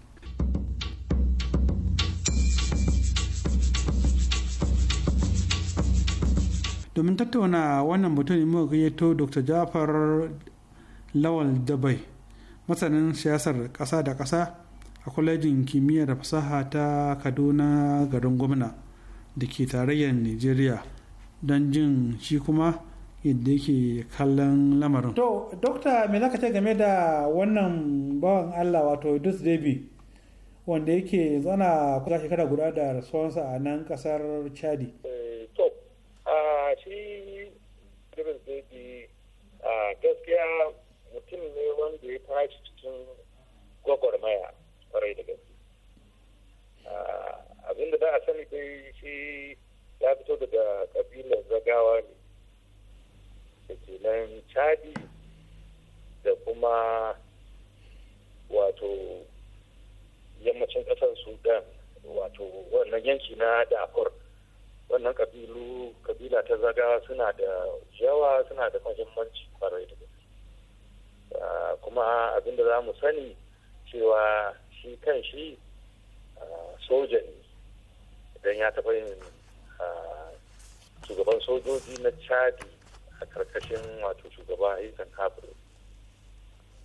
domin tattauna wannan mutum ne muka gayyato dr jafar lawal dabai masanin siyasar ƙasa da ƙasa a kwalejin kimiyya da fasaha ta kaduna garin gwamna da ke tarayyar nigeria don jin shi kuma yadda yake kallon lamarin to dokta me zaka ce game da wannan bawan allah wato idris debi wanda yake zana kusa shekara guda da rasuwansa a nan kasar chadi eh, to a shi idris debi gaskiya mutum ne wanda ya tashi cikin gwagwarmaya kwarai da gaske ah, abin da za a sani dai shi ya fito daga kabilar zagawa ne da ke nan chadi da kuma wato yammacin ƙasar sudan wato wannan yanki na dakor wannan kabilu kabila ta zagawa suna da yawa suna da mahimmanci kwarai da Ah, kuma abinda za mu sani cewa shi kan shi ah, soja ne idan ya taɓa yin ah, shugaban sojoji na chadi a karkashin wato shugaba isan kafin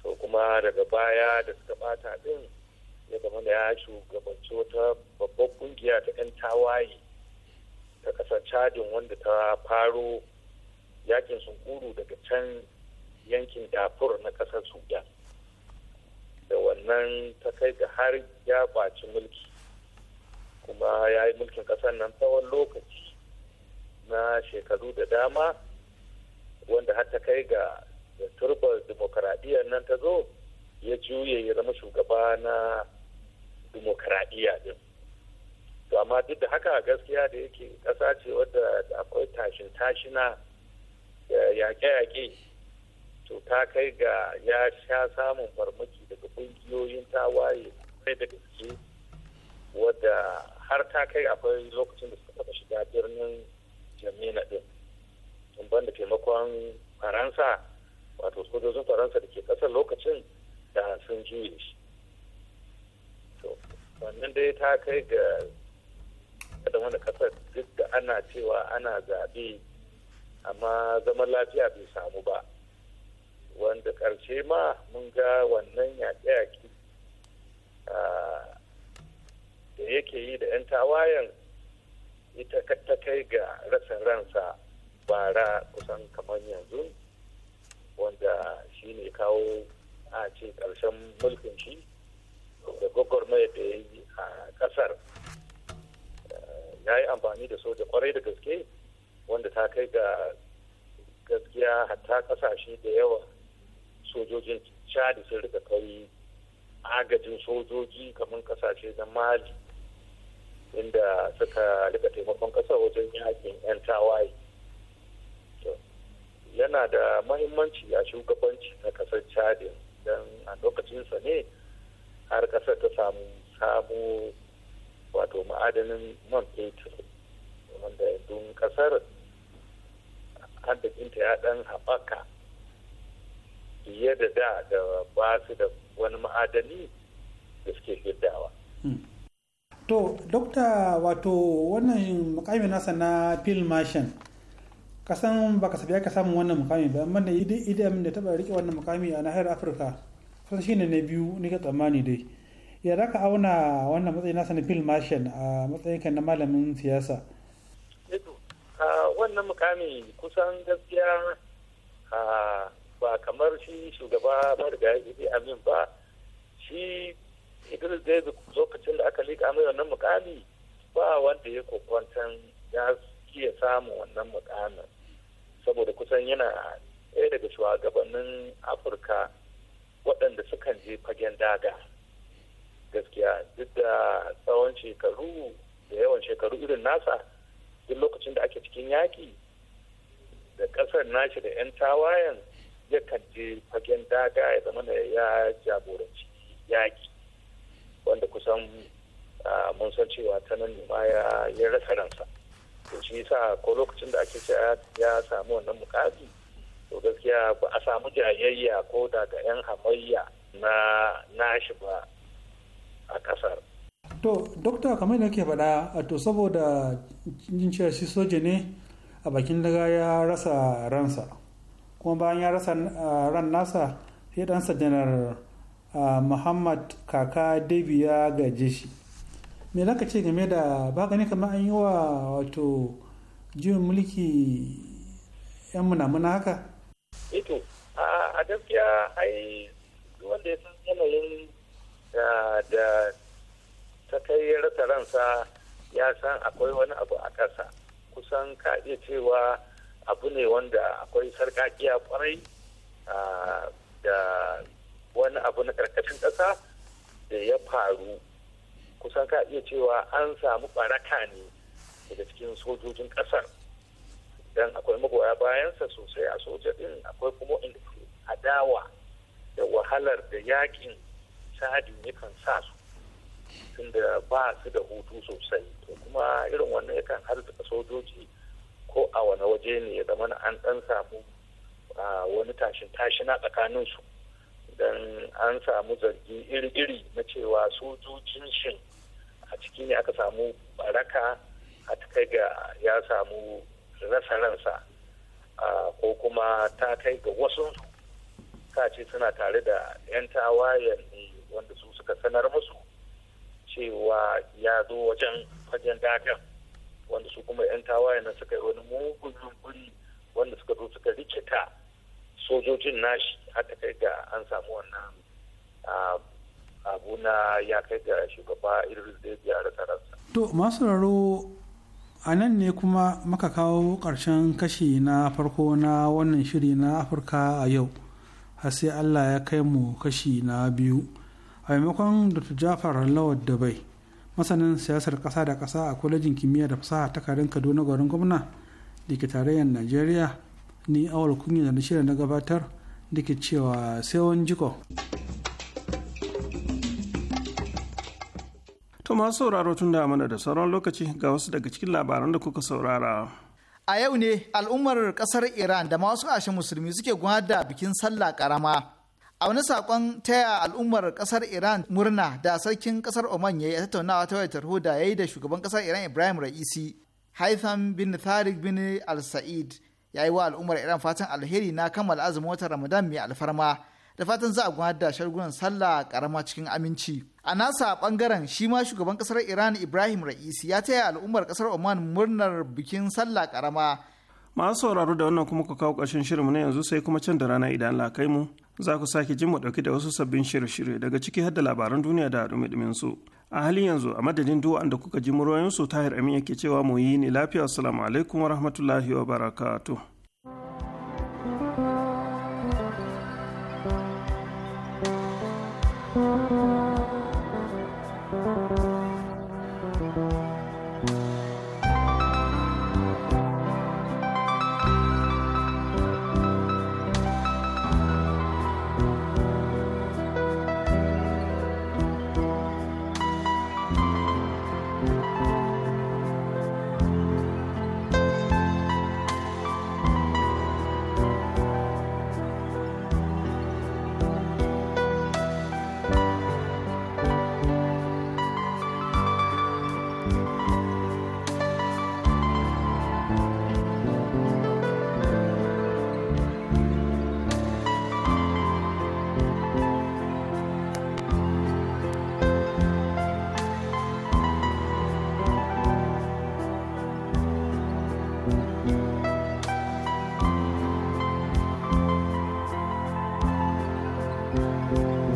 to kuma daga baya da suka bata din ya zama da ya shugabanci wata babbar kungiya ta 'yan tawaye ta ƙasar chadin wanda ta faro yakin sunkuru daga can yankin dafur na ƙasar sudan da wannan ta kai ga har ya baci mulki kuma ya yi mulkin ƙasar nan tsawon lokaci na shekaru da dama wanda har ta kai ga turbar demokaradiyyar nan ta zo ya juye ya zama shugaba na demokaradiyya din to amma duk da haka gaskiya da yake ƙasa ce wadda akwai tashin tashina da yaƙe-yaƙe to ta kai ga ya sha samun farmaki daga kungiyoyin tawaye kai da gaske wadda har ta kai akwai lokacin da suka taba shiga birnin jamina din in da taimakon faransa wato sojojin faransa da ke ƙasar lokacin da sun juye shi to wannan dai ta kai ga da wani kasar duk da ana cewa ana zaɓe amma zaman lafiya bai samu ba wanda ƙarshe ma mun ga wannan yaƙe-yaƙe da yake yi da 'yan tawayen ita ta kai ga rasa ransa bara kusan kamar yanzu wanda shi ne kawo a ce ƙarshen mulkin shi da gwagwarmaya da ya yi a ƙasar ya yi amfani da soja kwarai da gaske wanda ta kai ga gaskiya hatta ƙasashe da yawa sojojin chad sun rika kai agajin sojoji kamar kasashe na mali inda suka rika taimakon ƙasa wajen yakin 'yan tawaye yana da mahimmanci a shugabanci na ƙasar chadin don a lokacinsa ne har ƙasar ta samu samu wato ma'adanin man fetur wanda yanzu ƙasar arzikinta ya dan haɓaka fiye da da da ba su da wani ma'adani da suke fiddawa. Hmm. To, Dokta wato wannan mukami nasa na Phil Martian, kasan ba sabi aka samun wannan mukami ba, amma da idan da taɓa riƙe wannan mukami a nahiyar Afirka, kusan shine na biyu ni ka tsammani dai. Ya za ka auna wannan matsayi nasa na Phil Martian a matsayin kan na malamin siyasa? Eh wannan mukami kusan gaskiya ba kamar shi shugaba marga idi amin ba shi idris da lokacin da aka liƙa mai wannan mukami ba wanda ya kokwantan ya iya samun wannan mukamin saboda kusan yana ɗaya daga shugabannin afirka waɗanda sukan je fagen daga gaskiya duk da tsawon shekaru da yawan shekaru irin nasa duk lokacin da ake cikin yaƙi da ƙasar nashi da 'yan tawayen yakan je fagen daga ya zama ya jagoranci yaƙi wanda kusan mun san cewa ta nan ma ya rasa ransa to shi yasa ko lokacin da ake cewa ya samu wannan mukami to gaskiya ba a samu jayayya ko daga yan hamayya na nashi ba a kasar to dokta kamar da ke faɗa to saboda jin cewa shi soja ne a bakin daga ya rasa ransa kuma bayan ya rasa ah, ran nasa sai ɗansa janar ah, muhammad kaka dab'i ya gaje shi me za ce game da ba gani kamar an yi wa wato jiwon mulki 'yan munamuna haka? ito eh ah, a gaskiya ai wanda ya san yanayin da ta kai rasa ransa ya san akwai wani abu a ƙasa kusan ka iya cewa abu ne wanda akwai sarkakiya kwarai da wani abu na karkashin ƙasa da ya faru kusan ka iya cewa an samu baraka ne daga cikin sojojin ƙasar dan akwai magoya bayansa sosai a soja ɗin, akwai kuma inda adawa da wahalar da yakin sadin yakan sa su tunda ba su da hutu sosai to kuma irin wannan yakan harzuka sojoji ko a wani waje ne ya zama an ɗan samu wani tashin tashina tsakanin su don an samu zargi iri-iri na cewa su sojojin shin a ciki ne aka samu baraka a kai ga ya samu rasa ransa ko kuma ta kai ga wasu ce suna tare da 'yan tawayen ne wanda su suka sanar musu cewa ya zo wajen fajen dagan wanda su kuma 'yan tawaye na suka yi wani mugun yunkuri wanda suka zo suka rikita sojojin nashi har ta kai ga an samu wannan abu na ya kai ga shugaba idris da ya da to masu raro a nan ne kuma maka kawo ƙarshen kashi na farko na wannan shiri na afirka a yau har sai allah ya kai mu kashi na biyu a maimakon da jafar lawar da bai masanin siyasar kasa da kasa a kwalejin kimiyya da fasaha ta karin kaduna garin gwamna da ke tarayyar najeriya ni awal kunya da na na gabatar da ke cewa sai jiko to masu sauraro tun da mana da sauran lokaci ga wasu daga cikin labaran da kuka saurara a yau ne al'ummar kasar iran da masu ashe musulmi suke gwada bikin sallah karama a wani sakon taya al'ummar kasar iran murna da sarkin kasar oman ya yi a tattaunawa ta wayar tarho da ya yi da shugaban kasar iran ibrahim ra'isi haitham bin tharik bin al-sa'id ya yi wa al'ummar iran fatan alheri na kammala azumin watan ramadan mai alfarma da fatan za a gudanar da shagunan sallah karama cikin aminci a nasa bangaren shi ma shugaban kasar iran ibrahim ra'isi ya taya al'ummar kasar oman murnar bikin sallah karama masu sauraro da wannan kuma ka kawo ƙarshen shirinmu na yanzu sai kuma can da rana idan Allah kai mu za ku sake jin mu dauki da wasu sabbin shirye-shirye daga ciki har da labaran duniya da dumi su. A halin yanzu a madadin du'an da kuka ji muryoyin su Tahir Amin yake cewa mu yi ni lafiya assalamu alaikum wa rahmatullahi wa barakatuh. Thank you.